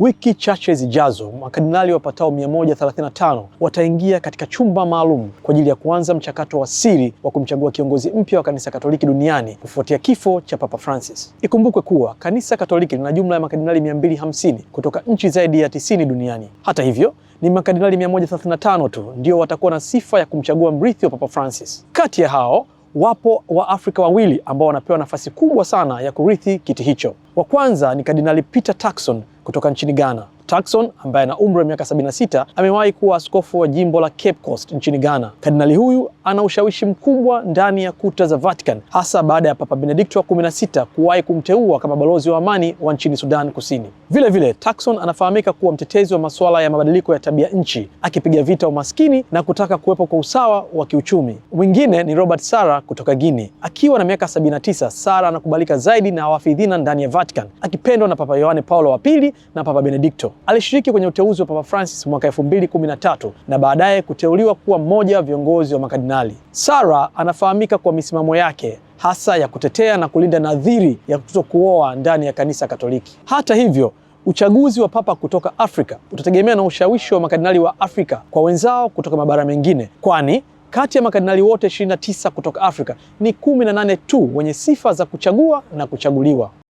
Wiki chache zijazo makardinali wapatao 135 wataingia katika chumba maalum kwa ajili ya kuanza mchakato wa siri wa kumchagua kiongozi mpya wa kanisa Katoliki duniani kufuatia kifo cha Papa Francis. Ikumbukwe kuwa kanisa Katoliki lina jumla ya makardinali 250 kutoka nchi zaidi ya 90 duniani. Hata hivyo, ni makardinali 135 tu ndio watakuwa na sifa ya kumchagua mrithi wa Papa Francis. Kati ya hao wapo Waafrika wawili ambao wanapewa nafasi kubwa sana ya kurithi kiti hicho. Wa kwanza ni Kardinali Peter Turkson kutoka nchini Ghana Turkson ambaye ana umri wa miaka 76 amewahi kuwa askofu wa jimbo la Cape Coast nchini Ghana. Kardinali huyu ana ushawishi mkubwa ndani ya kuta za Vatican, hasa baada ya Papa Benedikto wa 16 kuwahi kumteua kama balozi wa amani wa nchini Sudan Kusini. Vile vile Turkson anafahamika kuwa mtetezi wa masuala ya mabadiliko ya tabia nchi, akipiga vita umaskini na kutaka kuwepo kwa usawa wa kiuchumi. Mwingine ni Robert Sara kutoka Guinea. Akiwa na miaka 79, Sara anakubalika zaidi na wafidhina ndani ya Vatican, akipendwa na Papa Yohane Paulo wa pili na Papa Benedikto. Alishiriki kwenye uteuzi wa Papa Francis mwaka 2013 na baadaye kuteuliwa kuwa mmoja wa viongozi wa makardinali. Sara anafahamika kwa misimamo yake hasa ya kutetea na kulinda nadhiri ya kutokuoa ndani ya kanisa Katoliki. Hata hivyo, uchaguzi wa papa kutoka Afrika utategemea na ushawishi wa makardinali wa Afrika kwa wenzao kutoka mabara mengine, kwani kati ya makardinali wote 29 kutoka Afrika ni 18 tu wenye sifa za kuchagua na kuchaguliwa.